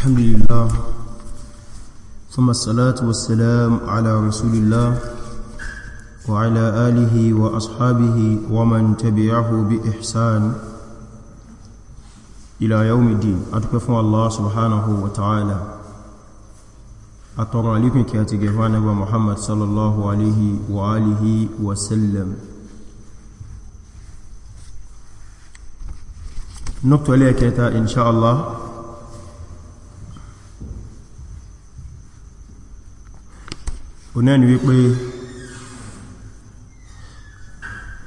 الحمد لله ثم الصلاة والسلام على رسول الله وعلى آله وأصحابه ومن تبعه بإحسان إلى يوم الدين أتكفوا الله سبحانه وتعالى أطرع لكم كاتقفان أبو محمد صلى الله عليه وآله وسلم نقطة لك إن شاء الله ọ̀nà ni wípé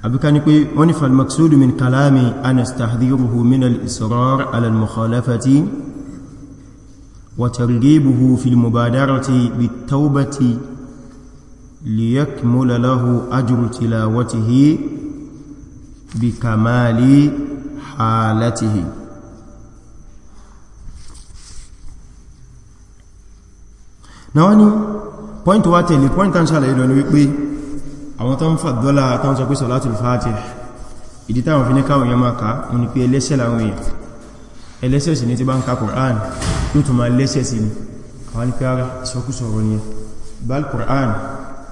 àbíká ní pé wọ́n ni falmaksudu min kalami anastahdiruhu min al-israr al-mukhalafati wa targhibuhu fil mubadarati bit-tawbati liyakmula lahu ajru tilawatihi bi kamali halatihi na wani point wa tẹ̀lé point tán ṣàlẹ̀ ìlọ ni wípé àwọn tán fà dọ́là tán sọ pé salatul fatih ìdí táwọn fi ní káwọn yẹn máa ká wọn ni pé ẹlẹ́ṣẹ̀ láwọn èèyàn ẹlẹ́ṣẹ̀ sì ní ti bá ń Qur'an ló tún máa lẹ́ṣẹ̀ sí ni àwọn ni pé Qur'an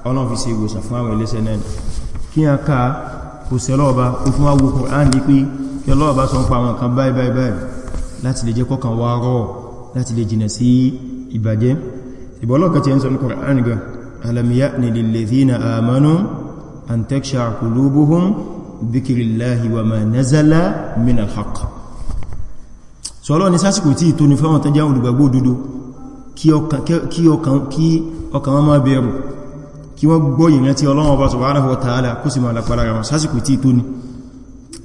ọlọ́n fi ṣe ìwòsàn fún àwọn ẹlẹ́ṣẹ̀ náà kí a ká Qur'an di pé kí lọ́ọ̀bá sọ ń pa àwọn kan báyìí báyìí láti lè jẹ́ kọ́kàn wá rọ̀ ìbàjẹ́ ìbọ̀lọ́kà ti ń sọ ní Qur'an gan alam ya'ni lillazina amanu an taksha qulubuhum dhikrillahi wa ma nazala min al-haqq so ọlọ́ni sásìkò tí ìtò ní fẹ́wọ̀n tán jẹ́ olùgbàgbọ́ òdodo kí ọkàn wọn máa bẹ̀rù kí wọ́n gbọ́ ìrìn tí Ọlọ́run Ọba subhanahu wa ta'ala kó sì máa lápára wọn sásìkò tí ìtò ní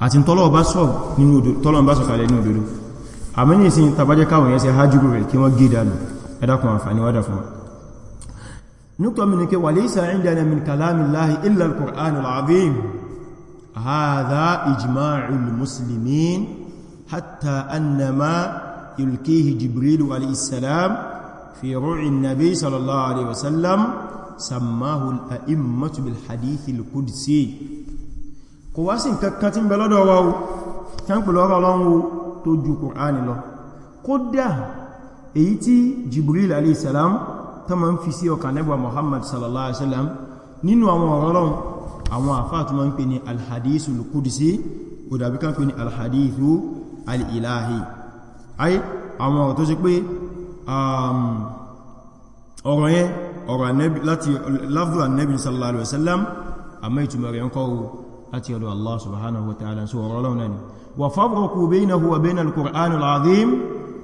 àti tọ́lọ́run bá sọ kalẹ̀ ẹ̀dàkùn àǹfààní wádà fún nukta min ke wa laysa indana min kalami llahi illa al-qur'an al-azim hadha ijma'u al-muslimin hatta anna ma yulkihi jibril alayhi salam fi ru'i an-nabi sallallahu alayhi wa sallam sammahu al-a'immatu bil hadith al-qudsi kò wá sí nǹkan kan tí ń bẹ tó ju kùránì lọ èyí tí Jibril alayhi salam tó ma ń fi sí ọkàn nẹ́bà Muhammad sallallahu alaihi wasallam nínú àwọn ọ̀rọ̀rọ̀n àwọn àfáà tó ma ń pè ní alhadisu lukudisi ó dàbí kan pè ní alhadisu al'ilahi ayé àwọn ọ̀rọ̀ tó ṣe pé um, ọ̀rọ̀ yẹn ọ̀rọ̀ láti lafdu annabi sallallahu alaihi wasallam àmọ́ ìtumọ̀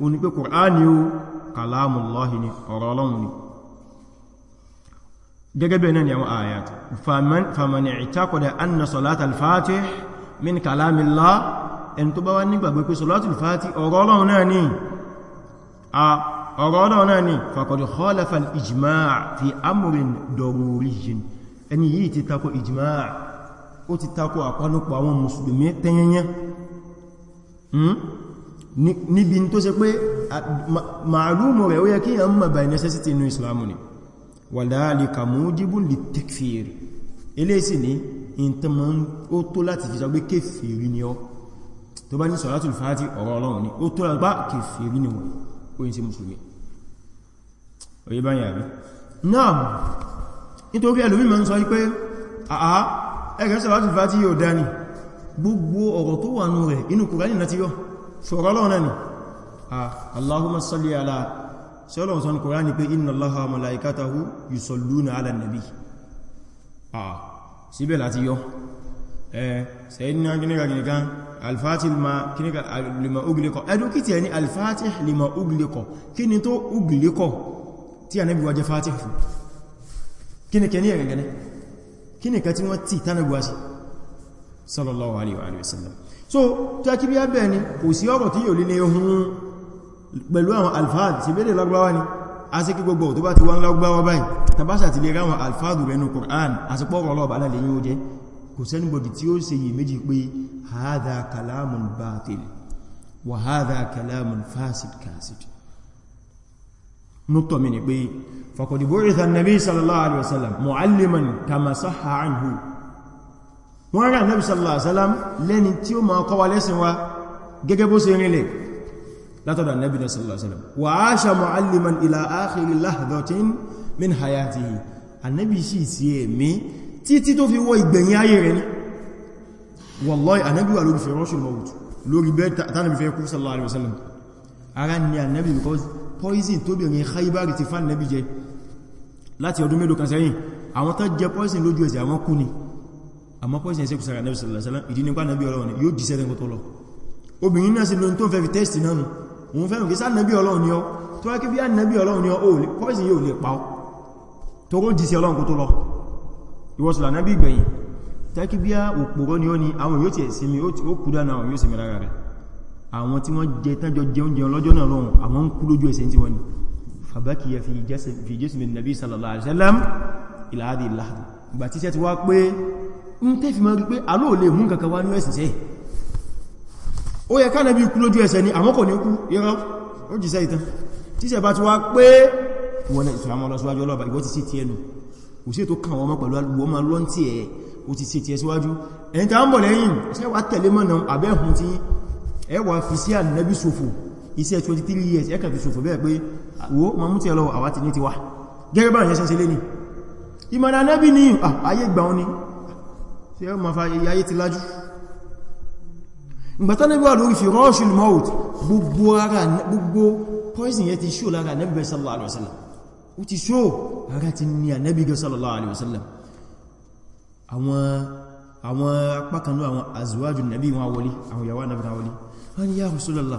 o ní pé Kùránì o kàlámùlọ́hì ni ọ̀rọ̀ Ọlọ́run ni gẹ́gẹ́ bẹ̀rẹ̀ náà ni àwọn ayat famani ìtakọ̀dẹ̀ anna sọ̀látà alfàtí min kàlámìlá ẹni tó bá wá nígbàgbé pé sọ̀látà alfàtí ọ̀rọ̀ Ọlọ́run náà ni ọ̀rọ̀ Ọlọ́run náà ni fàkọ̀dẹ̀ níbi tó ṣe pé ma'alumu rẹ̀ ó yẹ kí yàn mọ̀ by necessity inú islamu ni wàdáàlìkà mújíbù lè tekfèèrè eléèsì ní ìntàmọ́ ó tó láti fi sọ pé kéfèèrè ni ọ tó bá ní sọ̀rọ̀tù fàájì ọ̀rọ̀ ọlọ́run ni ó tó lágbá kéfèèrè ni wọ́n ó yí ṣòro ọlọ́run náà ni Allahumma salli ala ṣe ọlọ́run sọ ní Kùránì pé inna Allaha wa malaikatahu yusalluna ala nabi síbẹ̀ láti yọ sayyidina gínigà gínigan alfatih lima uglikọ ẹdùkítì sallallahu alaihi wa sallam so tẹ́kí bí ẹbẹ̀ ni kò sí ọ̀rọ̀ tí yóò lílé ohun pẹ̀lú àwọn alfáàdì sí bẹ́lẹ̀ lọ́gbáwá ni a sí kí gbogbo tó bá ti wá lọ́gbáwá báyìí tàbásà ti lè ráwọn alfáàdì rẹ̀ ní Qur'an a sí pọ́rọ̀ ọlọ́ọ̀bá alẹ́ yóò jẹ́ kò sẹ́nibọ̀dì tí ó mi ni pé faqad bu'itha an sallallahu alaihi wasallam mu'alliman kama sahha anhu wọ́n rán Nabi sallallahu alaihi wasallam lẹ́ni tí ó máa kọ́ wa lẹ́sìn wa gẹ́gẹ́ bó ṣe rinlẹ̀ látọ̀dọ̀ Nabi sallallahu alaihi wasallam wa aṣa mu'alliman ila akhiri lahdatin min hayatihi annabi sì sí ẹ̀mí títí tó fi wọ ìgbẹ̀yìn ayé rẹ̀ ni wallahi annabi wà lórí firashul mawt lórí bẹ́ẹ̀ tánàbí fẹ́ kú sallallahu alaihi wasallam ara ni annabi because poison tó bẹ̀rẹ̀ Khaybar ti fán nabi poison lójú ẹsẹ̀ àwọn kú ni àmọ́ pọ́sìn ẹ̀sẹ̀ kùsára nẹ́bì sàlẹ̀sàlá ìdí nípa nẹ́bí ọlọ́run yóò jíṣẹ́ lẹ́gbọ́ tọ́lọ obìnrin náà sí lóyún tó ń fẹ́ fi tẹ́sì náà nù òun fẹ́ rùkí sánẹ́bí ọlọ́run ni ọ tó wá kí bí ánẹ́bí ọlọ́run ni ọ pọ́sìn yóò lè pa ọ tó ró jíṣẹ́ ọlọ́run kó tó lọ ìwọ̀sùlà nẹ́bí ìgbẹ̀yìn tẹ́kí bí òpòrọ́ ni ó ni àwọn yóò tiẹ̀ sí mi ó kú dáná àwọn yóò sì mi lára rẹ̀ àwọn tí wọ́n jẹ tẹ́jọ jẹ oúnjẹ lọ́jọ́ náà lọ́run àwọn ìgbà tí sẹ́ ti wá pé ń tẹ́ fi máa rí pé aló lè mú kankan wá ní ẹ̀sìn sẹ́ ó yẹ káàlẹ̀ bí ikú lójú ẹsẹ̀ ni àmọ́ kò ní kú irọ́ ó jìsẹ́ ìtàn tí sẹ bá ti wá pé wọ́n ìsìlámọ́ lọ síwájú ọlọ́bà ìwọ́ ti sí ti ẹnu kò sí ètò kàn wọ́n mọ́ pẹ̀lú alùwọ́ ma lọ́n tí ẹ̀ ní ti ni ìmọ̀nà ànẹ́bí gbà wọn ni yẹ́ ma fa iye ayé ti lájú ìgbàtọ́ níbi wà lórí fi rọ́ṣùl maut gbogbo ara gbogbo poison yẹ ti ṣó lára nẹ́bẹ̀ sallallahu alaihi wasallam ó ti ṣó ara ti ní ànẹ́bẹ̀ sallallahu alaihi wasallam àwọn àwọn apákanú àwọn azwájú nàbí wọn wọlé àwọn yàwó nàbí wọn wọlé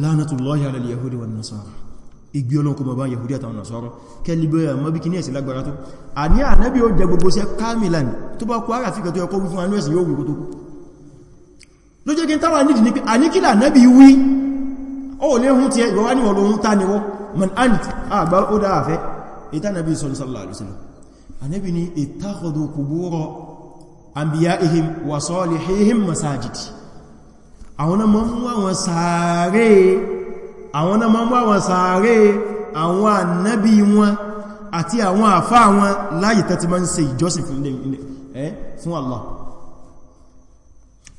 lánàtùlọ́yà alẹ́ yahudi wa nasara igbe olónkó bàbá yahudi àtàwọn nasara kẹ́lì bẹ́ẹ̀ mọ́ bí kí ní ẹ̀sì lágbára tó a ní ànábí ó jẹ gbogbo sí kamilan tó bá kó ara fíkà tó ẹkọ́ fún anú ẹ̀sì yóò wù tó ló jẹ́ kí n táwà nídì ní pé a ní kílà ànábí wí ó lé hun ti ẹgbẹ̀ wá ní ọ̀rọ̀ àwọn náà máa ń mú àwọn sàárè àwọn náà máa ń mú àwọn sàárè àwọn ànábì wọn àti àwọn àfá wọn láyé tẹ́ máa ń ṣe ìjọsìn fún fún Allah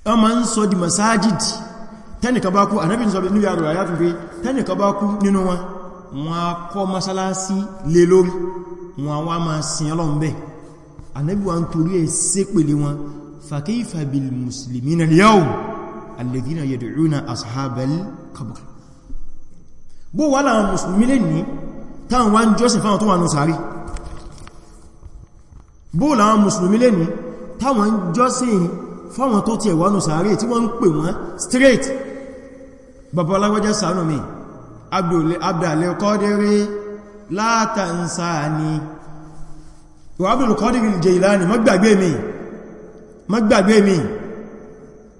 wọ́n máa ń sọ di masajid tẹ́nìkan bá kú ànábì sọ nínú yàrá àyà fífẹ́ tẹ́nìkan bá kú nínú wọn wọ́n kọ́ masalasi lé lórí wọn a wá máa sin Ọlọ́run bẹ́ẹ̀ bil muslimina yawm alladhina yad'una ashabal qabr bó wà láwọn mùsùlùmí lè ní táwọn wá ń jọ́sìn fáwọn tó wà ní sàárì bó láwọn mùsùlùmí lè ní táwọn jọ́sìn fáwọn tó ti ẹ̀wà ní sàárì tí wọ́n ń pè wọ́n straight babaláwọ́jẹ́ sàánù mi abdàlẹ́kọ́dẹ́rí látàǹsáàni wà abdàlẹ́kọ́dẹ́rí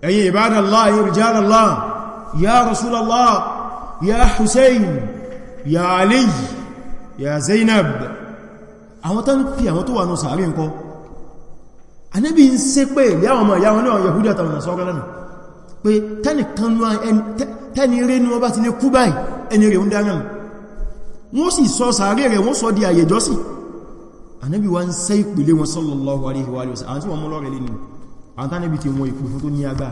أي عباد الله أي رجال الله يا رسول الله يا حسين يا علي يا زينب àwọn tán fi àwọn tó wà náà sàárì ǹkan anábi ń ṣe pé ilé àwọn ọmọ ìyá wọn náà Yahudi àtàwọn ìrìnà sọ́rọ̀ lánàá pé tẹ́ni rẹ̀ ní wọ́n bá ti lè kú báyìí ẹni rẹ̀ ń dáràn wọ́n sì sọ sàárì rẹ̀ wọ́n sọ di àyè jọ́sìn anábi wá ń ṣe ìpìlẹ̀ wọn sallallahu àwọn tánàbí ti wọn ìpò fún tó ní agbá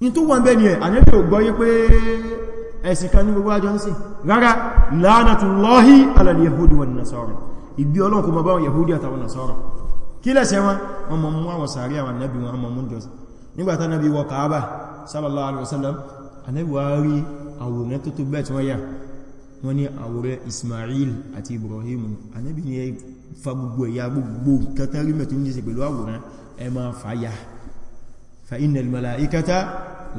ní tó wọ́n bẹ́ni ẹ̀ àníbí ò gbọ́yé pé ẹ̀sìn kan ní gbogbo àjọ ń sìn rárá la'natullahi ala al-yahudi wan nasara ìgbé ọlọ́run kó má bá wọn yahudi àtàwọn nasara kí lẹ́sẹ̀ wọn wọn mọ̀ mú àwọn sàárì àwọn anábì wọn mọ̀ fa gbogbo ẹ̀yà gbogbo nǹkan tán rí mẹ́tí ní ṣe pẹ̀lú àwòrán ẹ ma fàyà fa innal malaikata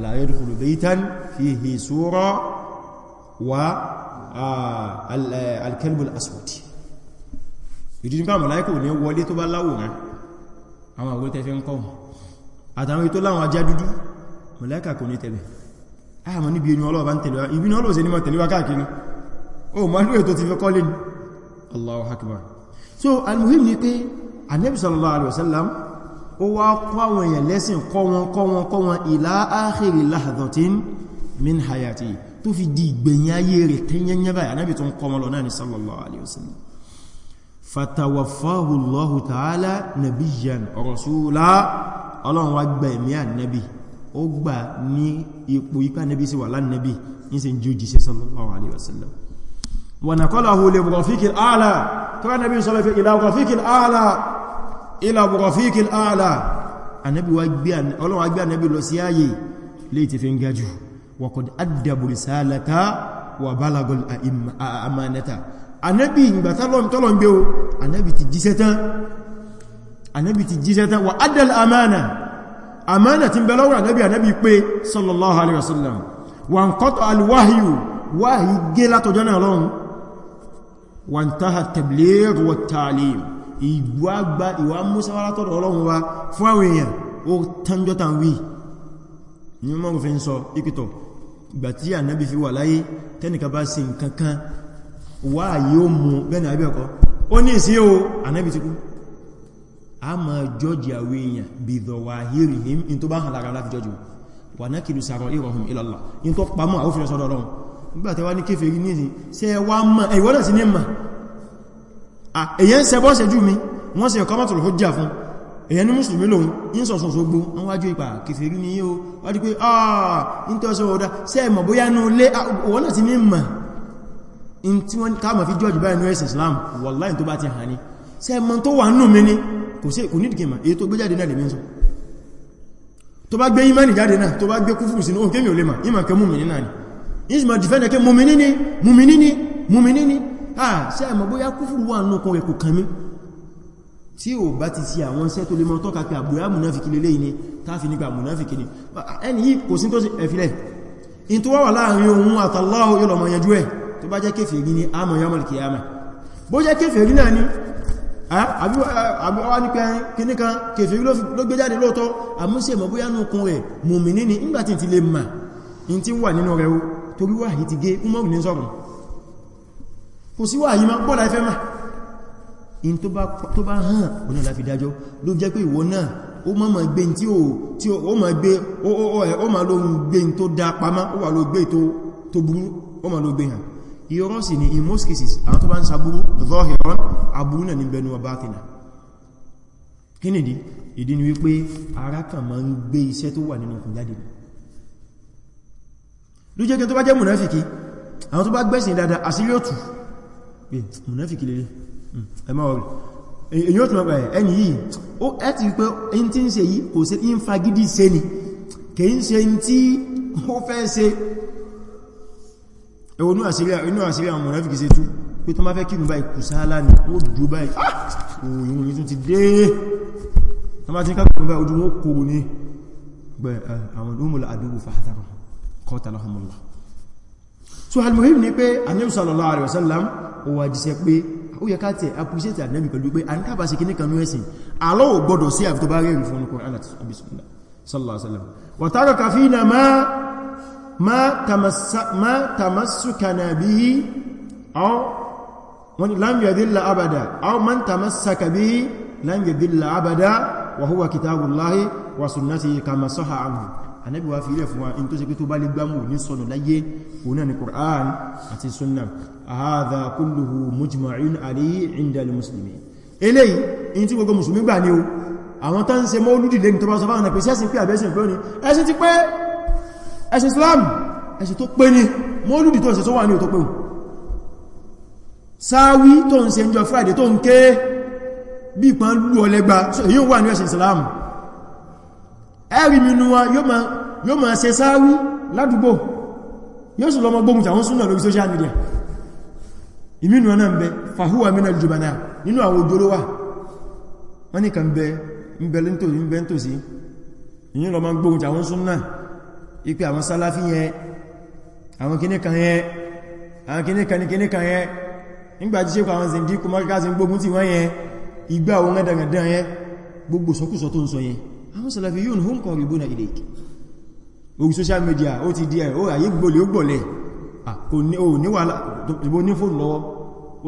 la yadkhulu baytan fihi sura wa e, al-kalbu al-aswad ìdíjú bá màláíkà ní wọlé tó bá láwòrán àwọn àwòrán tẹ́fẹ́ ń kọ́wọ̀n àtàwọn ètò láwọn ajá dúdú màláíkà kò ní tẹ̀lẹ̀ àmọ́ Allahu akbar so almuhim ni pé anabi sallallahu alaihi wasallam ó wá kọ́ àwọn èèyàn lẹ́sìn kọ́ wọn kọ́ wọn kọ́ wọn ila akhiri lahadhatin min hayati tó fi di ìgbẹ̀yìn ayé rẹ̀ tẹ́yẹnyẹ báyìí anabi tó ń kọ́ wọn lọ náà ni sallallahu alaihi wasallam fatawafahu allahu ta'ala nabiyyan rasula ọlọ́run wá gba ẹ̀mí ànábì ó gbà ní ipò ipá nábì sí wà lánàbì ní sin jíjí sí sallallahu alaihi wasallam wa naqalahu li rafiqil a'la kọ́wà nàbí sọ́lọ́ fi ìlà rọ̀fíkìl ààlà ìlà rọ̀fíkìl ààlà ọlọ́wà gbé ànàbí lọ sí ayé lè ti fi ń gajù wọ́kọ̀d addabu risalata wà balagol amanata ànàbí ìgbà tọ́lọ̀ gbé o ànàbí ti jíṣẹ́ tán wàntáhà tẹ̀blẹ̀rù wà tààlìm ìgbàgbà ìwà músàwárátọ̀dọ̀ ọlọ́run wa fún àwọn èèyàn ó tánjọ́ta wí ní mọ́rún fi ń sọ ìpìtọ̀ ìgbà tí ànábì fi wà láyé tẹ́nìkà bá ṣe nǹkan kan wà yóò mú bẹ́ẹ̀nà abẹ́ẹ̀kọ́ ó ní ìsí o ànábì ti kú a ma jọ́jì àwọn èèyàn bí dọ̀wà hírìhìm in nígbàtẹ̀ wá ní kéfèrí ní ìsìn ṣe wá mọ́ ẹ̀wọ́n náà sí ní mọ́ èyàn ṣe bọ́ ṣẹ́jú mi wọ́n ṣe kọmọ̀tòlù ó jà fún èyàn ní mùsùlùmí lòun ní sọ̀sùn sógbó wọ́n wájú ipa kéfèrí ní yíó wá dí pé àà ní tọ́ sọ ọ̀dá ṣe mọ̀ bóyá ní ilé òwọ́n náà sí ní mọ̀ in tí wọ́n káàmà fi jọ́jù báyìí ní ẹ̀sìn Islam wọ́láì tó bá ti hàn ní gbé jáde jáde náà tó bá gbé kúfùrù sínú òun kémi ò lè ìmọ̀ kẹmú mi náà ni is ma defend ke mumini ni mumini ni mumini ni ah ṣé mo bóyá kufuru wà nù kon rẹ̀ kò kàn mí tí ó bá ti si àwọn ṣe tó lè mọ̀ ton ka pé aboya munafiki leleyi ni tá fi ní gba munafiki ni ẹni yìí kò sin tó ṣe efile in tó wà wà láàrin ohun àtàláwò yóò lọ mọ̀ yanjú ẹ̀ tó bá jẹ́ kéfèrí ní àmọ̀ yọmọ̀lì kìyàmà bó jẹ́ kéfèrí náà ni torí wáyìí ti gé umaru ní sọ́rùn kò sí wáyìí ma pọ́lá ifẹ́ ma in tó bá hàn oní láti dájọ́ ló jẹ́ pé ìwọ náà ó ma ma gbé tí ó ma gbé ó ma ló gbé tó dá pamá ó wà ló gbé tó burú ó ma ló gbé hàn irọ́ sì ni in most cases àwọn tó bá ń sàbúrú zọ́hìrán àbúrú náà ní bẹnu ọba àtìnà kí nìdí ìdí ni wípé ara kan ma ń gbé iṣẹ́ tó wà nínú ọkùn jáde ni ló jẹ́ kí tó bá jẹ́ mùnáfìkì àwọn tó bá gbẹ́sìn dáadáa àṣírí òtù mùnáfìkì lè hmm, ẹmọ́ ọ̀rẹ́ èyí ó tún ọgbà ẹni yìí ó ẹ́tì wípé in tí ń ṣe yìí kò sí in fagidi ṣe ni kì í ṣe in tí ó fẹ́ ṣe ẹwọnú àṣírí àwọn mùnáfìkì ṣe tú pé tó má fẹ́ kírun báyìí kù sáálá ni ó dúró báyìí òyìn ah! òyìn tún ti dé tó má ti kákùnrin báyìí ojú wọn kòrò ní gbẹ̀ eh, àwọn olóòmùlà àdúgbò fàátàrùn qatalahumullah so almuhim ni pé anabi sallallahu alaihi wasallam ó wá jíṣẹ́ pé ó yẹ ká tẹ̀ appreciate anabi pẹ̀lú pé an taba ṣe kíní kan nu ẹ̀sìn alo ó gbọ́dọ̀ sí àfi tó bá rẹ̀ fún qur'an àti sallallahu alaihi wasallam wa taraka fina ma ma tamassa ma tamassukana bihi aw wani lam yadilla abada aw man tamassaka bihi lam yadilla abada wa huwa kitabullahi wa sunnatihi kama saha anhu Ànábì wa fi ilẹ̀ fún wa in tó ṣe pé tó bá lè gbámù ní sọnù láyé òun náà ni Qur'an àti Sunnah hadha kulluhu mujma'un alayhi 'inda al-muslimin eléyìí in tí gbogbo mùsùlùmí gbà ní o àwọn tán ṣe mọ́lúdì lẹ́ni tó bá sọ fáwọn pẹ̀sí ẹ̀sìn pé àbẹ́sìn pé ó ní ẹ̀sìn ti pé ẹ̀sìn Islam ẹ̀sìn ẹ̀rí mi nu wọn yóò máa ṣe sááwí ládùúgbò yóò sì lọ mọ́ gbóhùn tàwọn súnà lórí social media ìmínú ọ̀nà ń bẹ fàhúwà mínà jùbànà nínú àwọn òjò lówà wọ́n ní kan bẹ ń bẹ lẹ́ntòsí ń bẹ lẹ́ntòsí ìyìn lọ mọ́ gbóhùn tàwọn súnà ipé àwọn sálàfí yẹn àwọn kìníkan yẹn àwọn kìníkan kìníkan yẹn nígbà tí sẹ́kọ̀ àwọn zìngí kọmọ́kásí gbógun àwọn salafiyun hum qaribuna ilayk orí social media ó ti díẹ̀ ó ayé gbòlẹ̀ ó gbòlẹ̀ ó ní wà tó ní fóònù lọ́wọ́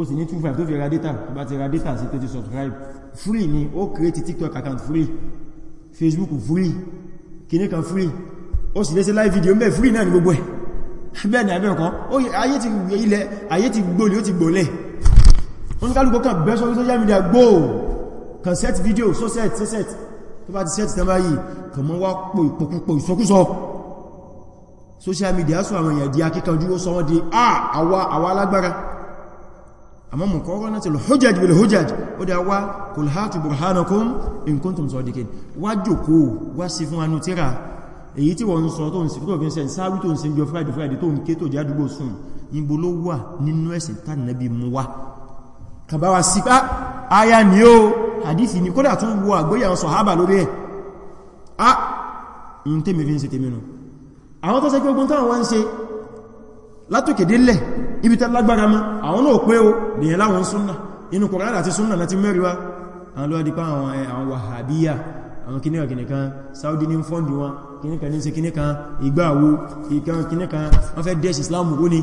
ó sì ní 25 tó fi ra data tó bá ti ra data sí tó ti subscribe free ni ó create tiktok account free facebook free kìní kan free ó sì lé sí live video mẹ́ free náà ní gbogbo ẹ̀ bẹ́ẹ̀ ni àbẹ́ ọ̀kan ayé ti ilẹ̀ ayé ti gbòlẹ̀ ó ti gbòlẹ̀ oníkálùkọ́ kan bẹ́ sórí social media gbòó kan set video so set set set bá ti sẹ́tì tẹ́mà yìí kàmọ́ wá pò ìpòpòpò ìsọkúsọ social media sọ àwọn èèyàn di akíkanjú ó sọ wọ́n di àwa alágbára àmọ́ mọ̀ kọ́ rọ́nà tẹ̀lú hujjaj bil hujjaj ó dá wá kul hatu burhanakum in kuntum sadiqin wá jòkó wá sí fún anú tíra èyí tí wọ́n ń sọ tó ń sí tó fi ń sẹ́ sáwí tó ń sí jọ friday kan bá wa sípá ah, aya ni ó hadithi ni kódà tún wo àgbóyà wọn sọ̀hábà lórí ẹ̀ a ah, in tèmi fi ń ṣe tèmi nù àwọn tó sẹ́ pé ogun táwọn wá ń ṣe látòkèdélẹ̀ ibi tẹ́ lágbára mọ́ àwọn náà pé o lèyàn láwọn súnnà inú Kùránì Saudi eh, ní fọ́ndù wọn kìnìkan ní sí kìnìkan ìgbàwó ìkan kìnìkan wọ́n fẹ́ dẹ̀ṣì Islam rú ni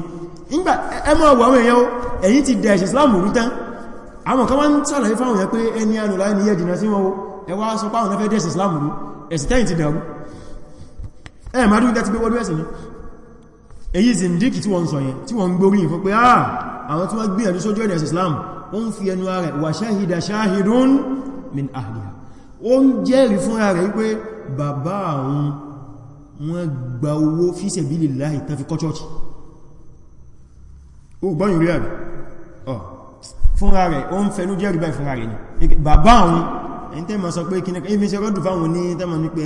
ẹmọ́ ẹ̀yìn ti dẹ̀ṣì Islam rú tán àwọn kan wọ́n sàlàyé fáwọn yẹn pé ẹni ànùlá ní yẹ jìnà sí wọn o ẹwà sọ páwọn fẹ́ dẹ̀sì Islam rú ẹ̀sì tẹ́yìn ti dàrú ẹ ma dúrú tẹ́tí pé wọ́n dúrẹ́sì ní èyí zindiki tí wọ́n sọ yẹn tí wọ́n gbórí fún pé ah àwọn tí wọ́n gbìyànjú sójú ẹ̀dẹ̀ Islam ó ń fi ẹnu rẹ̀ wà ṣáhìdà ṣáhìdún min ahliha ó ń jẹ́rìí fúnra rẹ̀ wípé bàbá àwọn wọ́n gba fúnra rẹ̀ ó ń fẹnú jẹ́rìí báyìí fúnra rẹ̀ ni bàbá àwọn ẹni tẹ́ ma sọ pé kí ní ṣe rọ́dù fáwọn ní tẹ́ ma ní pé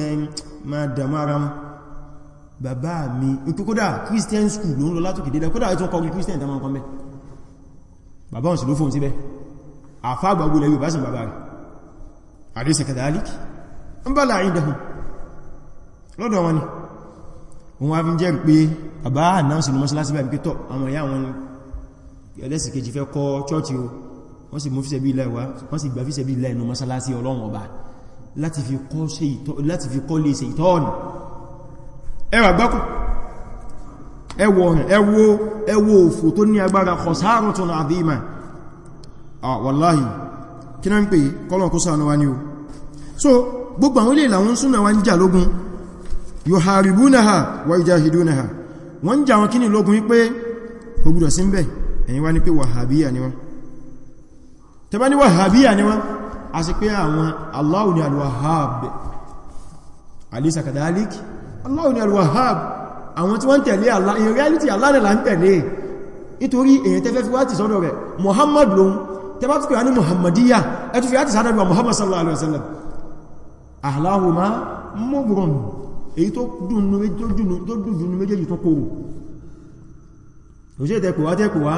ma dàmú ara wọn bàbá mi ikú christian school ló ń lọ látòkè dédé kódà ẹ̀tún kọlu christian tẹ́ ma kọ́ mẹ́ bàbá wọn sì ló fóun síbẹ̀ àfá àgbàgbò lẹ́yìn bá sì bàbá rẹ̀ àdéṣẹ́ kadalik ń bá láàrin dẹ̀hùn lọ́dọ̀ wọn ni wọn wá fi jẹ́ pé bàbá àdáhùn sí lọ́mọ́sílásíbẹ̀ pé tọ́ àwọn ìyá wọn ẹlẹ́sìn kejì fẹ́ kọ́ chọ́ọ̀chì o wọ́n sì mú fíṣẹ́ bí ilẹ̀ wá wọ́n sì gbà fíṣẹ́ bí ilẹ̀ inú ọlọ́run ọba láti fi kọ́ lè ṣe ìtọ́ọ̀nù ẹwà gbákù ẹwọ ẹwọ òfò tó ní agbára kọsáàrùn tó náà ń ẹ̀yin wá ní pé wàhábíyà ni wọ́n tẹbá ní wàhábíyà ni wọ́n a sì pé àwọn Allahu ni alwahab alisa kadalik Allahu ni alwahab àwọn tí wọ́n tẹ̀lé Allah in reality Allah ni là ń tẹ̀lé nítorí èyàn tẹ́fẹ́ fi wáti sọ́dọ̀ rẹ̀ Muhammad lòun tẹbá fi kìrání Muhammadiyya ẹtù fi wáti sádàdùwà Muhammad sallallahu alaihi wasallam ahlahu ma mọ́bùrọ̀nù èyí òṣè tẹ́pẹ̀ wá tẹ́pẹ̀ wá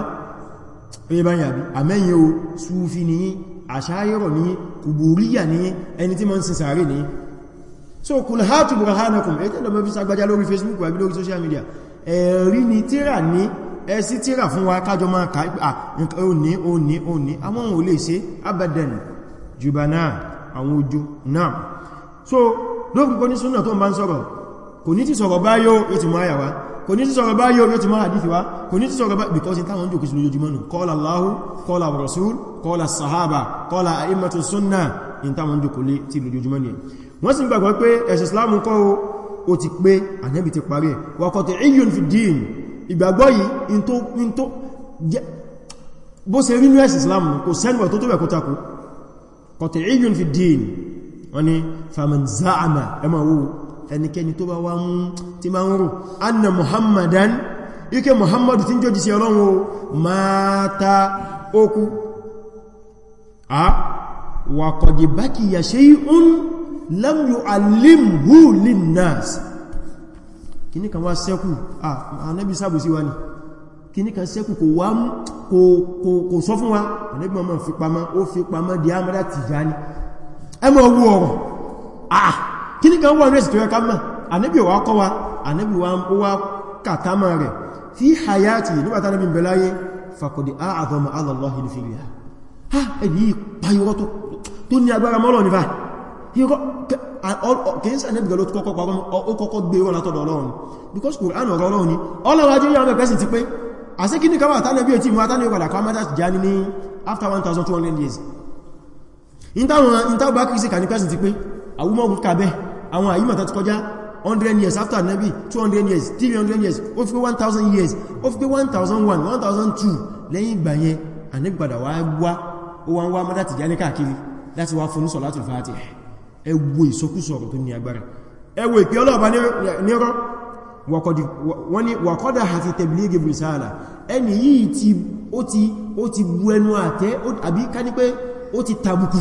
oye bá yàbí àmẹ́yìn o súfí ní àṣáyọ̀rọ̀ ní kùbùríyà ní ẹni tí ma ń sàárè ní so kùl hátù burhanakum ẹ̀tẹ́ lọ mọ́fí sagbájá lórí facebook àbí social media ẹ̀rí ni tíra ní ẹsí tíra fún wa kájọ máa ká nǹkan òní òní òní àwọn so lókùnkọ́ ní súnà tó ń bá ń sọ̀rọ̀ kò kò ní sísọ̀rọ̀ bá yóò ti máa hadithi wá kò ní sísọ̀rọ̀ bá because in táwọn jòkó sí lójoojúmọ́ nù qala Allahu qala rasul qala sahaba qala a'immatu sunna in táwọn jòkó lé ti lójoojúmọ́ ni wọ́n sì gbàgbọ́ pé ẹ̀sẹ̀ islamu kọ́ o ti pé ànẹ́bì ti parí ẹ̀ wa qati'iyyun fi din ìgbàgbọ́ yìí in tó bó ṣe rí lẹ́sẹ̀ islamu kò sẹ́nìwọ̀ tó tó ẹnikẹ́ni tó bá wá mú tí máa ń rò anna muhammadan ike muhammadu tí ń jòjì sí ọlọ́run o máa ta okú a wà kọ̀dì bá kì yà ṣe ń lam yu'allimhu linnas kìní kan wá sẹ́kù ànábì sábò sí wa ni kìní kan sẹ́kù kò wá mú kò sọ fún wa ànábì mọ́ fi pamọ́ ó fi pamọ́ di amada Tijani ẹmọ owó ọ̀rọ̀ kí ní kan wà ní ẹ̀sì tó yẹ ká mọ̀ ànábì wá kọ́ wa ànábì wá wá kàtàmà rẹ̀ fi hayati nígbàtà níbi ìbẹ̀láyé fàkòdì àádọ́mà alàlọ́hì ní fìrí ha ẹni ìpayọ́ tó ní agbára mọ́lọ̀ nífà kìí sí ànábì gẹ̀lọ́ kọ́kọ́ gbé wọn látọ̀dọ̀ because Qur'an ọ̀rọ̀ ọlọ́run ni ọlọ́wà jẹ́ yàmẹ́ pẹ́sì ti pé àṣẹ kí ní kọwà tánàbí ẹ̀ tí mú àtánàbí padà kọ́ mẹ́ta jà ní after 1200 years in táwọn intá bá kìí sí kà ní pẹ́sì ti pé àwúmọ̀gún kàbẹ́ àwọn àyímọ̀ta ti kọjá 100 years after nabi 200 years 300 years ó fi pé 1000 years ó fi pé 1001 1002 lẹ́yìn ìgbà yẹn ànábì padà wá wá ó wá ń wá mọ́dá Tìjàní káàkiri láti wá fún sọ̀látù Fàátìhì ẹ wo ìsọkúsọ ọ̀rọ̀ tó ní agbára ẹ wo ìpé ọlọ́ọ̀bá nírọ́ wọ́n ni wàkọ́dà àti tẹ̀blígì bìrìsáàlà ẹni yìí ó ti bu ẹnu àtẹ́ àbí ká ní pé ó ti tàbùkù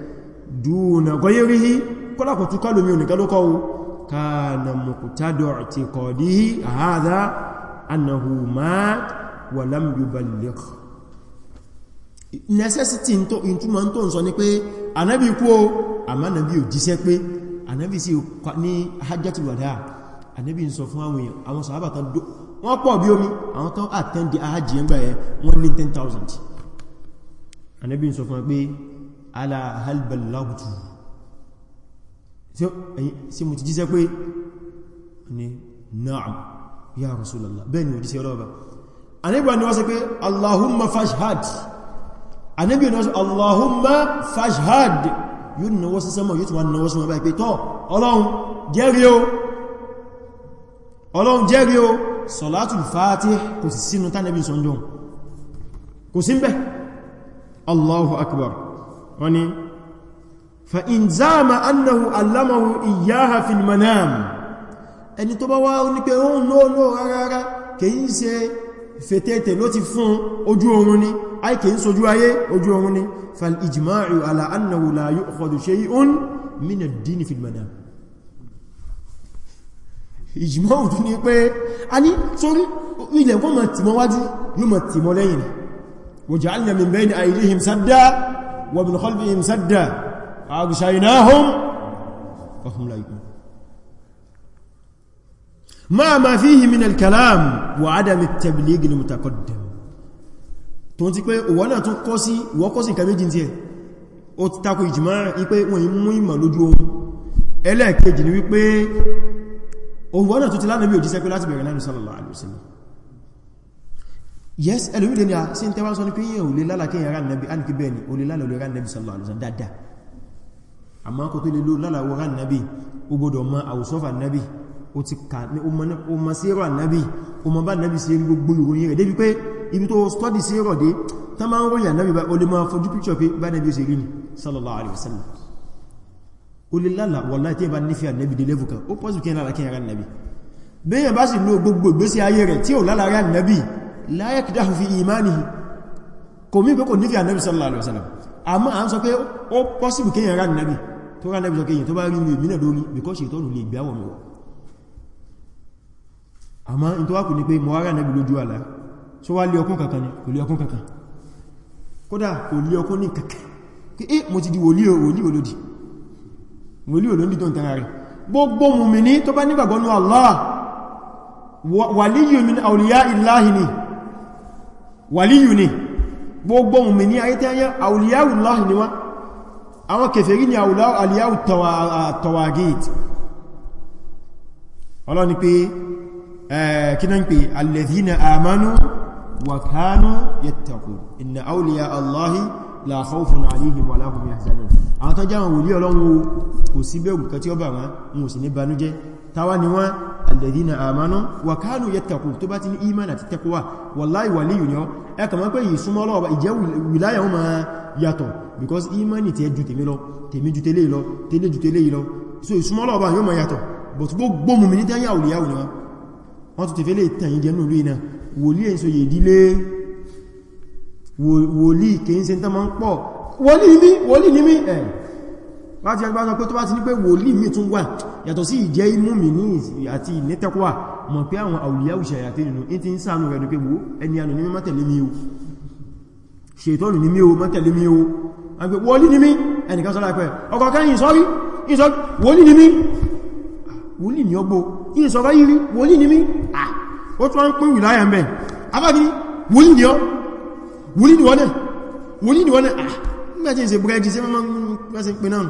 dúnà gọ́yẹ́rí hí kọ́lákọ̀ tún kálòmí oníkálókọ́ o kààna mọ̀kútádọ̀ ti kọ̀dí hí àhádá annahu mat wa lam necessity tó ìtumọ̀ tó ń sọ ní pé anábì kú o àmá anábì ò jíṣẹ́ pé anábì sí ní hajjatul wada anábì ń sọ fún àwọn èèyàn àwọn sàhábà tán wọ́n pọ̀ bí omi àwọn pé ala halbalagtu sí mo ti jíṣẹ́ pé ni na'am ya rasulallah bẹ́ẹ̀ni òjíṣẹ́ ọlọ́ọ̀bá anẹ́gbà ni wọ́n sí pé allahumma fashhad anẹ́gbà ni wọ́n sí allahumma fashhad yóò náwọ́ sí sánmà yóò tún wá náwọ́ sí wọn báyìí pé tọ́ ọlọ́run jẹ́rí o ọlọ́run jẹ́rí o salatul fatih kò sí wọ́n ni fa in zama annahu allamahu iyaha fil manam ẹni tó bá wá ní pé ó ń lóòlò rárá kìí ṣe fètètè ló ti fún ojú oorun ni ai kìí sojú ayé ojú oorun ni fal ijma'u ala annahu la yu'khadhu shay'un min ad-din fil manam ìjìmọ́ òdú ní pé a ní sórí ilẹ̀ kó mọ̀ tìmọ́ wájú yóò mọ̀ tìmọ́ lẹ́yìn waja'alna min bayni aydihim sadda وابن خلفهم سدا فأغشيناهم فهم لا يؤمنون مع ما فيه من الكلام وعدم التبليغ المتقدم tòun ti pé òwò náà tún kọ́ sí wọ́kọ́sí nǹkan méjì tí ẹ̀ ó ti tako ìjìmá wípé wọ́n yí mú ìmọ̀ lójú ohun ẹlẹ́ẹ̀kejì ni wípé òwò náà tún ti lánàá bí pé láti bẹ̀rẹ̀ láàrín sallallahu alaihi yes ẹlòmí lè ní a ah, sí ń tẹ́wàá sọ ní pé yíò lè lálà kí yàrá nàbí a ní kí bẹ́ẹ̀ ni o lè lálà lórí nàbí sallallahu alaihi wasallam dáadáa àmá kò tó lè ló lálà wọ́rá nàbí o gbọdọ̀ ma àwùsọ́fà nàbí o ti kà ní o ma síra nàbí o ma bá nàbí sí gbogbo ìròyìn rẹ̀ débi pé ibi tó stọ́dì síra dé tá máa ń ròyìn nàbí o lè máa fojú píkṣọ pé bá nàbí sí rí ni sallallahu alaihi wasallam o lè la yakdahu fi imanihi kò mí pé kò nífẹ̀ẹ́ ànábì sallallahu alaihi wasallam àmọ́ à ń sọ pé ó pọ́sìbù kéyàn rá nàbì tó rá nàbì sọ kéyàn tó bá rí mi ìmìnà lórí bíkọ́ ṣe ìtọ́nù lè gbáwọ̀ mẹ́wọ̀ àmọ́ in tó wá kù ní pé mọ́ rá nàbì lójú àlá tó wá lé ọkún kankan ni kò lé ọkún kankan kódà kò lé ọkún ní kankan kí é eh, mo ti di wòlí òní olódi wòlí olódi tó ń tara rẹ̀ gbogbo mùmìnì tó bá nígbàgbọ́nú Allah wàlíyù min awliya illahi wàlíyù ni gbogbo mùmí ní ayé tẹ́yẹ àwòlíyàwó láhì ni wọ́n àwọn kèfèrí ni àwòlíyàwó tawagit ọlọ́ni pé kíná ń pè alladhina amanu wa kanu yattaqun inna awliya allahi la khawfun alayhim wa lahum yahzanun àwọn tó jẹ́ àwọn wòlí ọlọ́run kò sí ni wọ́n alladhina amanu wa kanu yattaqun tó bá ti ní iman àti taqwa wallahi waliyu ni ó ẹ kàn mọ́ pé yìí súnmọ́ Ọlọ́run ìjẹ́ wìláyà ó máa yàtọ̀ because imani ti ẹ ju tèmi lọ tèmi ju tẹ́lẹ̀ lọ tẹ́lẹ̀ ju ní tẹ́yà ní mí ẹ̀ bá ti ẹgbá sọ pé tó bá ti ní pé wòlíì mi tún wà yàtọ̀ sí ìjẹ́ imú mi ní àti ìnẹ́tẹ́kọ́wà mọ̀ pé àwọn àwùyá òṣèrè àti ìrìnà ní ti ń sáànù rẹ̀ ní pé wo ẹni ànà ní mọ́tẹ̀lé mi o ṣètọ́nù ní mi o mọ́tẹ̀lé mi o àgbẹ̀ wòlíì ní mi ẹnìkan sọ́lá pẹ́ ọkọ̀ kẹ́yìn sọ́rí wòlíì ní mi wòlíì ní ọgbọ́ yìí sọ bá yìí wòlíì ní mi ah, ah, ó tún ń pín wìláyà mẹ́ abábi wòlíì ní ọ wòlíì ní wọ́n náà wòlíì ah, ní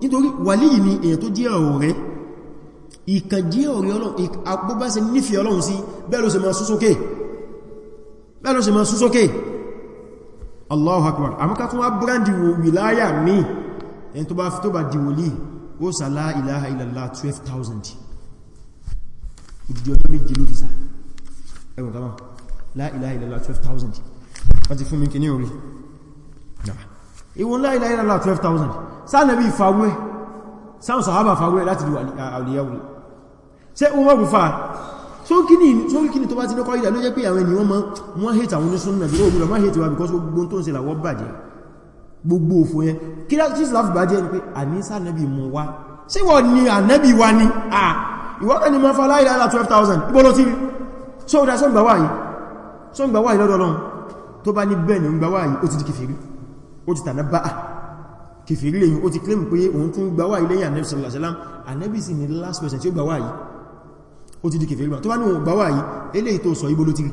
nítorí wàlíyì ni èyàn tó jẹ́ ọ̀rẹ́ ìkàn jẹ́ ọ̀rẹ́ ọlọ́run agbóbá ṣe nífẹ̀ẹ́ ọlọ́run sí bẹ́ẹ̀ ló ṣe máa súnsókè bẹ́ẹ̀ ló ṣe máa súnsókè Allahu Akbar àmọ́ká tún wá brandi wo wìláyà mi ẹn tó bá fi tó bá di wòlí ó sà la ilaha 12,000 òjìdí ọjọ́ méjì ló fi sà ẹgbùn kama la ilaha 12,000 wọ́n ti fún mi kì ní orí náà ìwọ̀n la ilaha illallah 12,000 sáànàbí ìfàwẹ́ sáàrùn sàhábà fàwẹ́ láti di àwòlìyàwó ṣe o mọ́rù fà tó kíni tó bá ti ní kọ́rídà ló jẹ́ pé àwọn ènìyàn wọ́n hate àwọn onísúnnà bí lóògbùdọ̀ má hate wa because gbogbo tó ń ṣe làwọ́ bàjẹ́ gbogbo òfò yẹn kí láti ṣe láti bàjẹ́ ni pé àní sáànàbí mú wá ṣe wọ́n ni ànẹ́bí wa ni à ìwọ́kẹ́ ni ma fa la ilaha illallah 12,000 ìbọ́lọ́ tí so dá sọ́gbà wáyìí lọ́dọ̀ Ọlọ́run tó bá ní bẹ́ẹ̀ ni ń gbà wáyìí ó ti di kìfèrí ó ti tànà bá kèfèrí lèyìn ó ti claim pé òun tún gbà wáyé lẹ́yìn Ànábì sallallahu alaihi sì ni last person tí ó gbà wáyé ó ti di kèfèrí tó bá ní òun gbà wáyé eléyìí tó sọ ibolotiri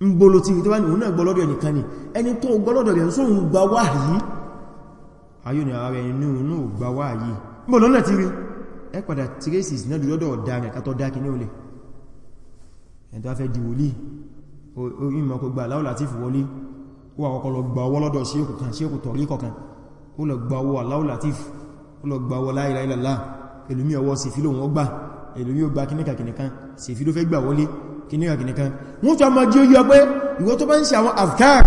ń bolotiri tó bá ní òun náà gbọ́lọ́dọ̀ ẹnìkan ni ẹni tó gbọ́lọ́dọ̀ rẹ̀ ń sóhun gbà wáyé ayó ni ara ẹni nínú gbà wáyé bọ́ lọ́nà ti rí ẹ padà traces náà dúdọ́dọ̀ ọ̀daràn katọ́ dákì ní olè ẹ̀tọ́ afẹ́ ó wà kọ́kọ́ lọ gba owó lọ́dọ̀ ṣéèkù kan ṣéèkù tọ̀rí kọ̀kan ó lọ gba owó Allahu Latif ó lọ gba owó la ilaha illallah èlùmí ọwọ́ sí fílò wọn gbà èlùmí ó gba kíníkà kìnìkan sí fílò fẹ́ gbà wọlé kíníkà kìnìkan wọ́n tó ọmọ jí ó yọ pé ìwọ tó bá ń ṣe àwọn afkar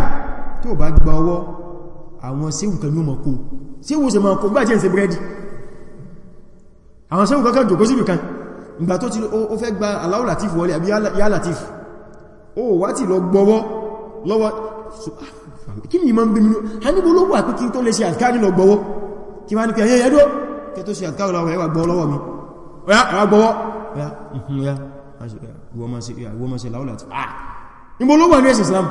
wá ti lọ gbọ́wọ́ lọ́wọ́ kí ni ìmọ̀ ń bí mínú a níbo ló wà pé kí tó lè ṣe àtkárí lọ gbọ́wọ́ kí wá ní pé ẹyẹ ẹdọ́ kẹ tó ṣe àtkárí lọ ẹwà gbọ́ lọ́wọ́ mi ẹwà gbọ́wọ́ níbo ló wà ní ẹ̀sìn Islam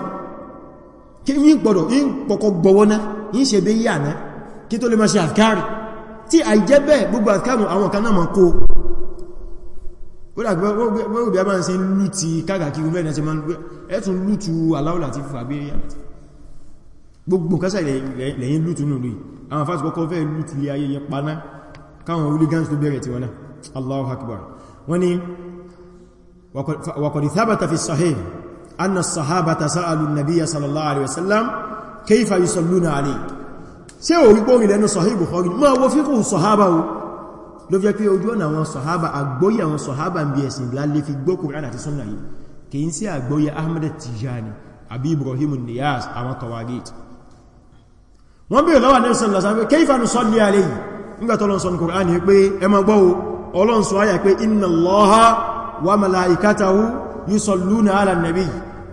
kí ní gbọ́dọ̀ ní pọ̀kọ̀ gbọ́wọ́ náà ní ṣe bí yà náà kí tó lè máa ṣe àtkárí tí àìjẹ́ bẹ́ẹ̀ gbogbo àtkárí àwọn kan náà máa kó wọ́n bí a máa ń gbogbo kásà lẹ́yìn lútù nù rí àwọn fásitì kọ́kọ́ fẹ́ lútù lé ayé yẹn paná káwọn hooligans tó bẹ̀rẹ̀ tí wọ́n náà Allahu akbar wọ́n ni waqad thabata fi sahih anna sahabata sa'alu nabiyya sallallahu alaihi wasallam kayfa yusalluna alayhi ṣe o rí gbórin lẹ́nu sahih Bukhari ma àbí Ibrahim Niyas àwọn Tawariti wọ́n bèèrè lọ́wà ní sọ́nà lásán pé kéfà ní sọ́lé alẹ́ yìí nígbàtí ọlọ́nsọ ní kòránì pé ẹmọ gbọ́wọ́ ọlọ́nsọ ayà pé inna Allaha wa malaikatahu yusalluna ala nabi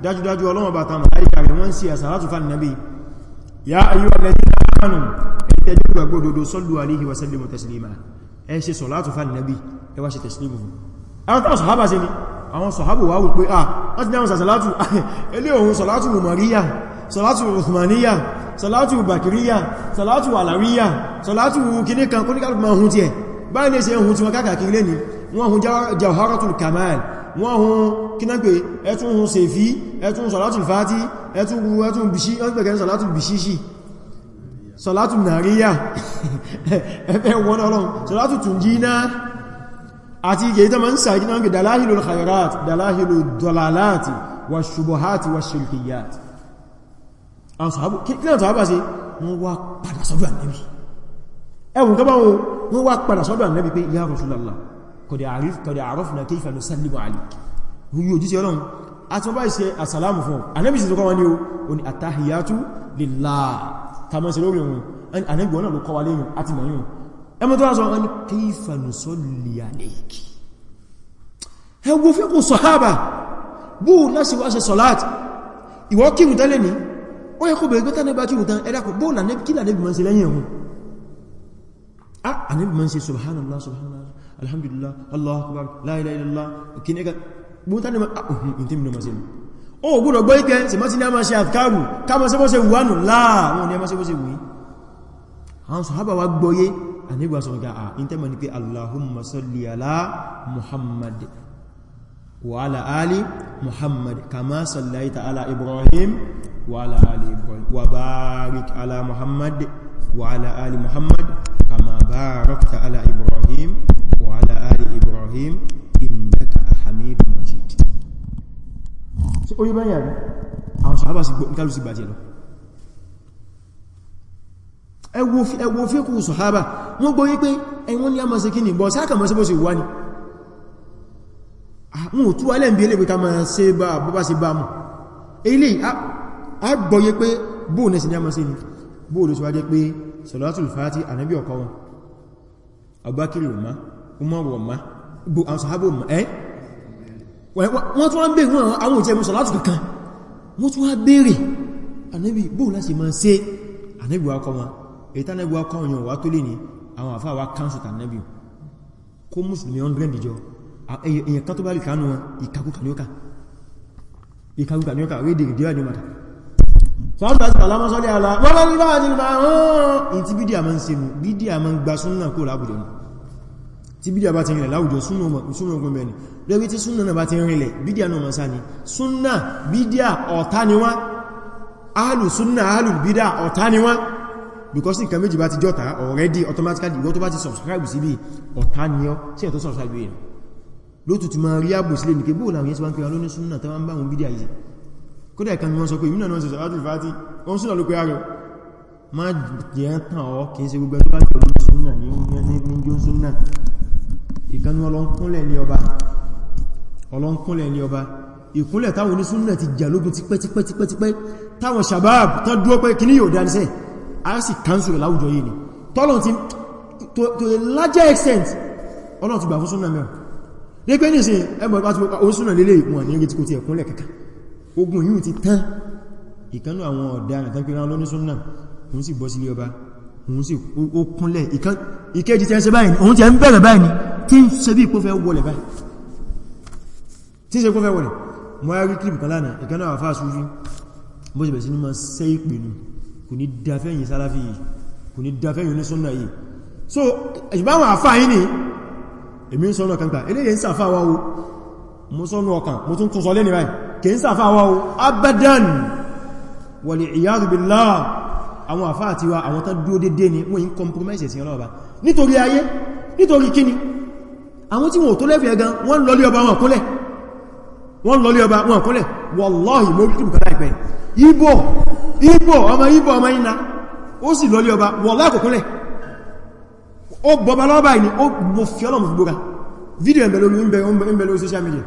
dájúdájú ọlọ́wọ́ bàtà màláìkà rẹ̀ wọ́n sí àsàrátù fà nabi ya ayyuhallazina amanu ẹ̀tẹ́ jẹ́ gbogbo dodo sallu alaihi wa sallimu taslima ẹ ṣe salatu fà nabi ẹ wá ṣe taslimu fún àwọn táwọn sọ̀hábà sí wà wù pé ah salatu bakiriya salatu alariya salatu kini kan kuni kalu ma hun ti e ba ni se hun ti wọn kakakiri leni wọn hun jawharatul kamal wọn hun kinape etun hun sefi etun salatul fati etun guru etun bishi on pe kan salatul bishishi salatul nariya ebe wọn olon salatu tunjina àti ge ta man sa gina ge dalahilul khairat dalahilud dalalat wa shubuhat wa shirkiyat kílẹ̀ sàábà sí wọ́n wá padà sọ́dọ̀ ànẹ́bì ẹwùn gaba wọn wọ́n wá padà sọ́dọ̀ ànẹ́bì pé ya Rasulullah kọ̀dẹ̀ àrọ́fìnà kayfa nusallimu alayk rúrí òjíṣẹ́ ọlọ́run a ti wọ́n bá ìṣẹ́ àsàlámù fún ànẹ́bì sí tọ́kọ́ wọn ni ó ní àtàhìyàtú lillah tamọ́ sí lórí wọn ànẹ́bì wọn náà ló kọwa lẹ́yìn àti mọ̀ yìí ẹmọ tó wá sọ wọn ni sọ̀hábà bú láti wá sọ̀láàtì ìwọ́kìrù tẹ́lẹ̀ ní ó yẹ kó bẹ̀rẹ̀ gbọ́ta nípa kírù tán ẹ̀dàkù bóòlà kílà níbi mọ́ sí lẹ́yìn ẹ̀hùn a níbi mọ́ sí subhanallah subhanallah alhamdulillah allahu akbar la ilaha illallah kìí ẹka gbọ́ta nípa ahùn tí mi mọ́ sí lẹ́yìn ó gbọ́dọ̀ gbọ́ ikẹ́ sí mọ́sí ní a máa ṣe àfikárù ká mọ́ sí bọ́sẹ̀ wùwánù láàrùn ní a máa sí bọ́sẹ̀ wùí àwọn sọ̀hábà wa gbọ́yé ànígbà sọ̀rọ̀ ga à وعلى آل محمد كما صليت على إبراهيم وعلى آل إبراهيم وبارك على محمد وعلى آل محمد كما باركت على إبراهيم وعلى آل إبراهيم إنك حميد مجيد so oyi ban yari àwọn sahaba si nkalu si bàjẹ́ lọ ẹwọ fíkù sahaba wọ́n gbọ́ wípé ẹ̀wọ́n ni a máa ṣe kí ni bọ̀ sáàkà mọ́ sí bó sì wá ni àwọn òtú alẹ́ ìbí eléwé ká ma ṣe bá bọ́bá sí bá mù ilé agbọ́yé pé bóò nẹ́sì ní a ma ṣe ní bóò lè ṣwájẹ́ pé sọ̀lọ́tùl fàátì ànábí ọkọ̀ wọn Abubakiri ọmọ Umaru ọmọ gbò àwọn sàhábò ọmọ ẹ́ wọ́n tún wá bèèrè wọn àwọn òjẹ́ mú sọ̀lọ́tù kankan wọ́n tún wá bèèrè ànábí bóò láti ma ṣe ànábí wakọ̀ wọn èyí tánẹ́bí wakọ̀ wọn wà tó lè ní àwọn àfáà wa káńsù tànábí kó mùsùlùmí 100 ìjọ E, èyàn kan tó bá rí kánú wọn ìkàkùkà ní ó ká ìkàkùkà ní ó ká rédè ìdíwà ní ó mọ̀ta sọ́dọ̀ àti alámọ́sọ́lẹ̀ ala wọ́n lọ́rí bá ní ma hàn in tí bídíà ma ń ṣe mú bídíà ma ń gba súnnà kó láwùjọ mú tí bídíà bá ti rìnlẹ̀ láwùjọ súnnà ogun mẹ́ni lórí tí because nǹkan méjì bá ti jọ́ta already automatically ìwọ tó bá subscribe síbi ọ̀tá ni lótù ti máa rí àbò sílé ní pé bóò làwọn yẹn sí wá ń pè alóní súnnà tó wá ń bá wọn bídíà yìí kódà ìkan ni wọ́n sọ pé ìmìnà náà sọ̀rọ̀ àti ìfàtí wọ́n súnnà ló pé ààrẹ má jẹ́ tàn ọ́ kìí ṣe gbogbo ẹgbẹ́ alóní súnnà ní oúnjẹ súnnà ìkan ni ọlọ́nkúnlẹ̀ ní ọba ọlọ́nkúnlẹ̀ ní ọba ìkúnlẹ̀ táwọn onísúnnà ti jà lógun tipẹ́tipẹ́tipẹ́ táwọn shabab tán dúró pé kíní yóò dánisẹ́ a sì kánsù rẹ̀ láwùjọ yìí ni tọ́lọ̀ ti to a larger extent ọlọ́n ti gbà fún súnnà mẹ́rin bí pé ní ìsìn ẹgbẹ̀ bá ti ó súnà lélé ìpùn àní ìrètí kò ti ẹ̀kúnlẹ̀ kẹta ogun yìí ti tán ìkanú àwọn ọ̀daràn tán pèrà lọ́ní súnà òun sì bọ́ sílé ọba òun sì ó kúnlẹ̀ ìkéjì tẹ́ ṣe báyìí òun tẹ́ ń bẹ̀rẹ̀ báyìí tí ń ṣe bí ipò fẹ́ wọlẹ̀ báyìí tí ń ṣe ipò fẹ́ wọlẹ̀ mo rí kílìpù kan lánàá ìkanú àwọn afá súnjú bó ṣe bẹ̀ sí ní máa ṣe ìpinnu kò ní dáfẹ́yìn sálàfí yìí kò ní dáfẹ́yìn onísúnà yìí so ìbáwọn àfá yìí ni èmi ń sọ́nà kan gbà eléyìí ń sàfáwá o mo sọ́nà ọkàn mo tún kọsọ lẹ́ni báyìí kì ń sàfáwá o abadan wal iyadu billah àwọn àfá àti wa àwọn tán dúó dédé ni wọ́n yí compromise sí ọlọ́ọ̀bá nítorí ayé nítorí kíni àwọn tí wọ́n tó lẹ́fẹ̀ẹ́ gan wọ́n lọlé ọba wọn kúnlẹ̀ wọ́n lọlé kúnlẹ̀ ó bọba lọ́bà ní ó bọ fi ọlọ́mù gbóra fídíò ẹ̀bẹ̀ lórí ìbẹ̀ lórí social media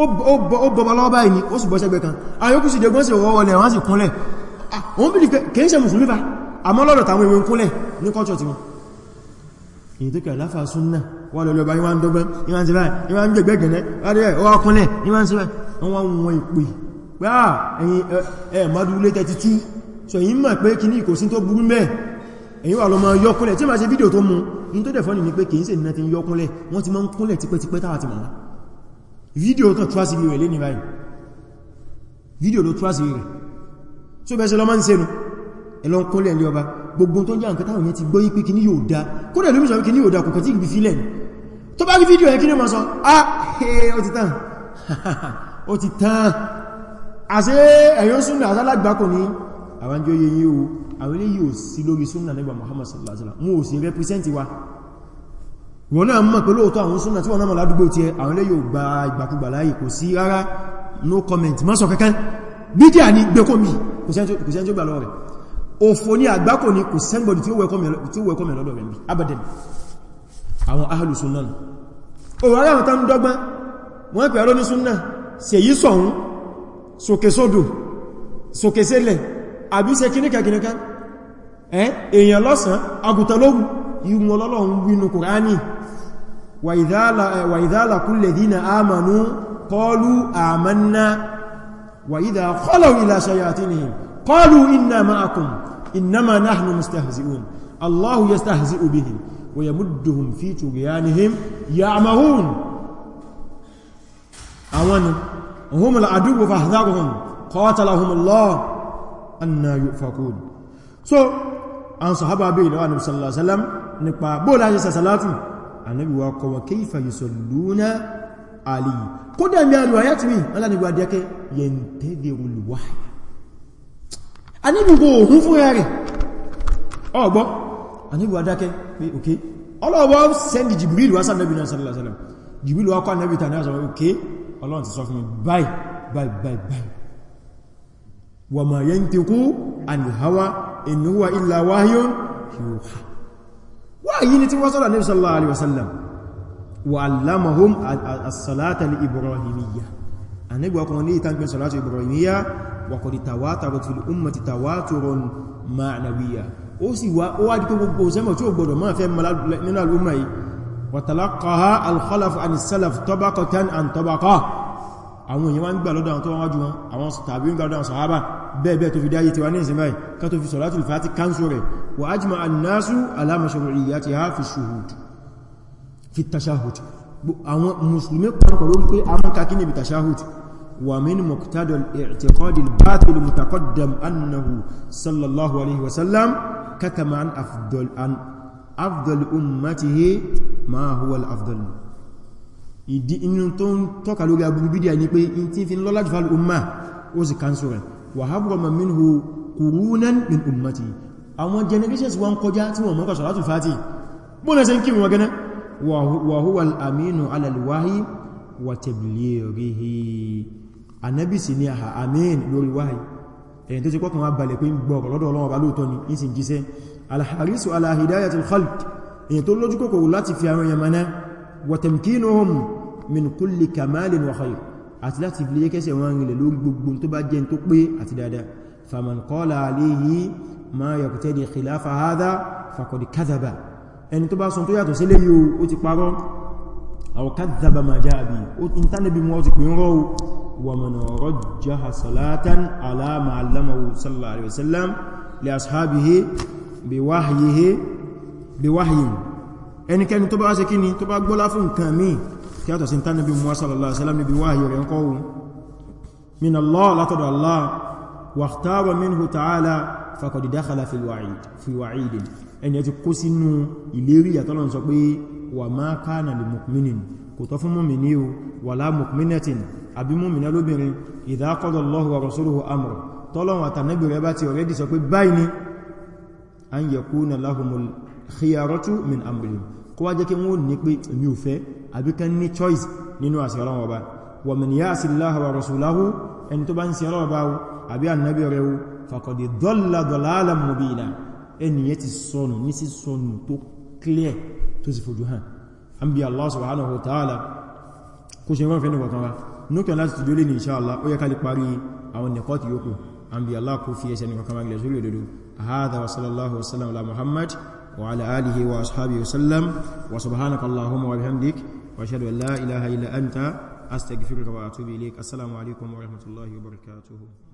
ó bọba lọ́bà ní ó sì bọ́ sẹ́gbẹ̀ kan ayókù sì jẹgbọ́n sí ọwọ́ wọlẹ̀ wọ́n sì kúnlẹ̀ àwọn bìí kẹ́ ṣe mùsùlùmí fa àmọ́ lọ́dọ̀ táwọn ewé kúnlẹ̀ ní kọ́chọ̀ tí wọ́n èyí tó kẹ́ láfà súnnà wà lọ́lọ́ bá ìwà ń dọ́gbọ́n ìwà ń jẹba ìwà ń jẹgbẹ́ gẹ̀ẹ́ rádẹ́ ọwọ́ kúnlẹ̀ ìwà ń sẹ́wà wọ́n wọ́n ìpè pé à ẹ̀yìn ẹ̀ mọ́dúlé 32 so yí mọ̀ pé kí ní ìkòsí tó burú mẹ́ èyí wà lọ mọ́ yọkúnlẹ̀ tí ma ṣe fídíò tó mú ní tó dẹ̀fọ́ ni pé kìí ṣe nìna ti yọkúnlẹ̀ wọ́n ti mọ́ ń kúnlẹ̀ tipẹ́tipẹ́ tàwà ti mọ̀ fídíò tó trásì rẹ̀ lé ní báyìí fídíò ló trásì rẹ̀ tó bẹ́ẹ̀ ṣe lọ máa ń sẹ́nu ẹlọ ń kúnlẹ̀ lé ọba gbogbo tó jẹ́ nǹkan táwọn yẹn ti gbọ́ yípe kìí yóò da ah ó ti tán ó ti tán àṣẹ ẹ̀yọ́ súnlẹ̀ àwọn ilé yóò sí lórí súnnà nígbà Muhammad sallallahu alaihi wasallam wọn ò wa wọn náà mọ̀ pé lóòtọ́ àwọn súnnà tí wọ́n náà ládúgbò tí ẹ àwọn ilé yóò gba ìgbàkúgbà láyé kò sí rárá no comment má sọ kankan bídí à ní gbẹ́kọ́ mi kò sẹ́ni tó gbà lọ́wọ́ rẹ̀ òfò ní àgbákò ní kò sẹ́nbọ̀dì tí ó wẹ́kọ́ mi lọ́dọ̀ rẹ̀ mi abadan àwọn ahàlù súnnà òwò ara àwọn tán dọ́gbọ́n àbí ṣe kíníkà kíníkà èèyàn lọ́sàn agùntàn lóhun ìwọ̀n lọ́lọ́run wínú kùránì wa idha laqul ladhina amanu qalu amanna wa idha khalaw ila shayatinihim qalu inna ma'akum innama nahnu mustahzi'un allahu yastahzi'u bihim wa yamudduhum fi tughyanihim ya'mahun àwọn humul aduwwu fahdharuhum anna yufakun so an sahaba bi ilawa nabi sallallahu alaihi wasallam nípa bola se salatu Ànábì wa ko wa kayfa yusalluna ali kódà mi riwayat mi ala ni gwa deke yantadirul wahy Ànábì go hun fún yare ogbo okay olowo send jibril wa sallallahu alaihi wasallam jibril wa ko Ànábì ta ni aso okay Ọlọ́run ti sọ fún mi bye bye bye bye wa ma yantiqu an hawa in huwa illa wahyun yuha wahyi ni tí wọ́n sọ́rọ̀ nabi sallallahu alaihi wasallam wa allamahum as-salata li ibrahimiyya anabi wa kun ni tan pè salatu ibrahimiyya wa qad di pé àwọn èèyàn wá ń gbà lọ́dọ̀ àwọn tó wájú wọn àwọn tàbí ń gbà lọ́dọ̀ àwọn sàhábà bẹ́ẹ̀bẹ́ẹ̀ tó fi dáyé tiwa ní ìsinmi ká tó fi sọ̀látùl fàtí káńsù rẹ̀ wà ajma annasu ala mashru'iyyatiha fi shuhud fi tashahud àwọn musulmi kọ̀rọ̀kọ̀ ló ń pé amúka kí ni bi tashahud wa min muqtada al-i'tiqad al-batil ìdí inú tó ń tọ́ka lórí agbúrú bídíà ní pé in tí fi ń lọ́lá jùfà l'umma ó sì kánsù rẹ̀ wà hábùrọ̀mà minhu kurunan min ummati àwọn generations wọn kọjá tí wọ́n mọ́kà salatul fati bọ́nà sí kí wọ́n gẹ́nà wa huwa al-aminu ala al-wahyi wa tablighihi anábì sí ni àhà amin lórí wáyí ẹ̀yìn tó wa tamkinuhum min kulli kamalin wa khayr àti láti fi lè kẹsẹ̀ wọn rìnlẹ̀ lórí gbogbo tó bá jẹ́ tó pé àti dáadáa faman qala alayhi ma yaqtadi khilafa hadha faqad kadhaba ẹni tó bá sọ tó yàtọ̀ sílé yóò ó ti parọ́ àwọn kadhaba ma jaa bi ó ti tánàbí mọ́ ti pè ń rọ́ wa man rajjaha salatan ala ma allamahu sallallahu alaihi wasallam li ashabihi bi wahyihi bi wahyin ẹnikẹ́ni tó bá ṣe kíni tó bá gbọ́lá fún nǹkan míì yàtọ̀ sí tánàbí Muhammad sallallahu alaihi wasallam níbi wáyé rẹ̀ kọ́wù min Allah látọ̀dọ̀ Allah wa ikhtara minhu ta'ala faqad dakhala fil wa'id fi wa'id ẹni ẹ ti kó sínú ìlérí àtọ́lọ̀ sọ pé wa ma kana li mu'minin kò tọ́ fún mọ́mìnì o wala mu'minatin àbí mọ́mìnà lóbìnrin idha qada Allahu wa rasuluhu amra tọ́lọ̀wọ̀n àtànẹ́bì kó wá jẹ́ kí wọ́n ní pé mi ò fẹ́ àbí kan ní choice nínú àṣẹ Ọlọ́run Ọba wa man ya'si Allaha wa rasulahu ẹni tó bá ń ṣe Ọlọ́run Ọba o àbí ànábì rẹ̀ o faqad dalla dalalan mubina ẹni yẹ ti sọnù ní sí sọnù tó clear tó sì fojú hàn an bí láti tó dólé ní insha ó yẹ ká lè parí àwọn nẹ̀kọ́ ti yókù an bí Allah fi ẹsẹ̀ nígbà kan wa gilẹ̀ sórí òdodo هذا وصلى الله وسلم على محمد وعلى آله وأصحابه وسلم وسبحانك اللهم وبحمدك وأشهد أن لا إله إلا أنت أستغفرك وأتوب إليك السلام عليكم ورحمة الله وبركاته